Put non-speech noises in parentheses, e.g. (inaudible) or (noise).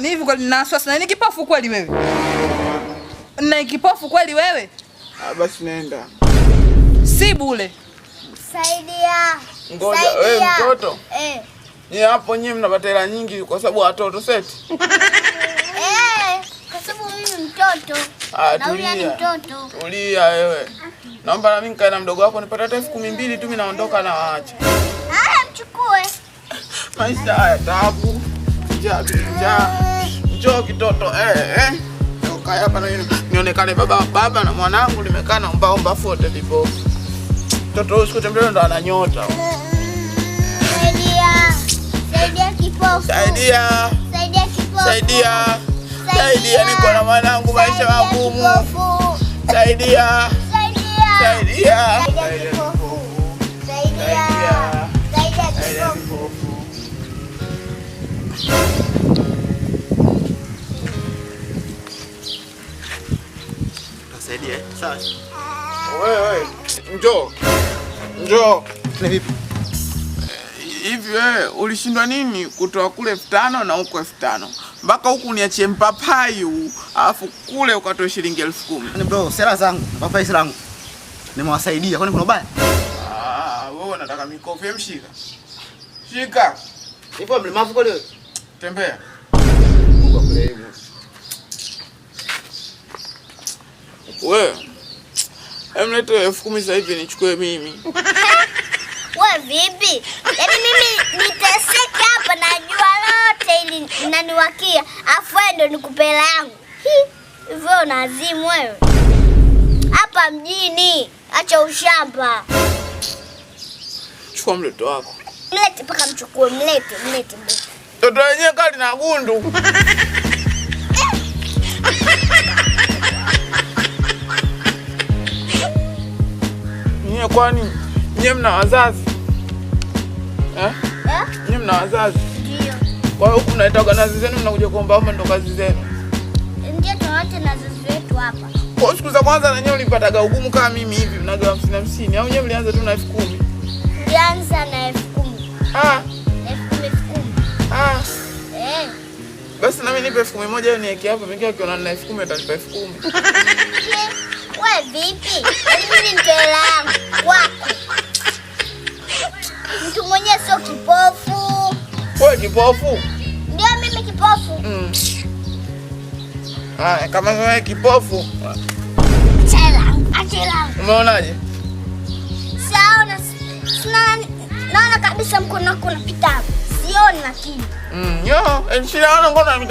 Ni hivi kweli na wasiwasi na ni kipofu kweli wewe? Na kipofu kweli wewe? Ah, basi naenda. Si bure. Saidia. Ngoja wewe mtoto. Eh. Ni hapo nyinyi mnapata hela nyingi kwa sababu watoto set. (laughs) Eh, kwa sababu mimi mtoto. Ah, tulia. Ni mtoto. Tulia wewe. Naomba na mimi nikae na mdogo wako nipate hata elfu kumi mbili tu mimi naondoka na waacha. Haya mchukue. (laughs) Maisha haya tabu njaa, njaa. Njoo kitoto eh, eh. Ukae hapa na nionekane baba baba na mwanangu nimekaa na omba omba fote lipo. Mtoto huyu siku tembea ndo ananyota. Saidia. Saidia kipofu. Saidia. Saidia kipofu. Saidia. Saidia niko na mwanangu maisha magumu. Saidia. Saidia. Saidia. nisaidie. Eh? Sawa. Wewe njoo. Njoo. Ni vipi? Eh, hivi wewe ulishindwa nini kutoa kule elfu tano na huko elfu tano mpaka huku niachie mpapai huu, alafu kule ukatoa shilingi elfu kumi yaani Bro, sera zangu papai zangu nimewasaidia, kwani kuna ubaya? Ah, wewe unataka mikofi? Mshika shika, ipo mlemavu kweli? Tembea Mungu akuelewe. Wewe mlete elfu kumi sasa hivi nichukue mimi. Wewe (laughs) vipi? Yaani mimi niteseke hapa na jua lote ili naniwakia. Afu wewe ndo nikupe langu. Hivyo unazimu wewe. Hapa mjini, acha ushamba. Chukua mleto wako. Mlete mpaka mchukue, mlete, mlete, mlete. Toto yenyewe kali na gundu. (laughs) Kwani nyie mna wazazi eh? Eh? Nyie mna wazazi ndio. Kwa hiyo huku mnaitaga nazi zenu, mnakuja kuomba ndo kazi zenu. Ndio tunaacha nazi zetu hapa. Kwa siku za kwanza na ulipataga ugumu kama mimi hivi, mnaga hamsini hamsini au nyewe mlianza tu na elfu kumi? Mlianza na elfu kumi. Ah. Basi nami nipe elfu kumi moja niweke hapo, akiona na elfu kumi atanipa elfu kumi. We vipi? Mimi yaani ni mtoela wako. Mtu mwenyewe sio kipofu. We kipofu? Ndio mimi kipofu. Mm. kama wewe kipofu. Chela, achela. Umeonaje? Saona. Sina naona kabisa mkono wako unapita. Sioni lakini. Mm, yo, enshira ona ngona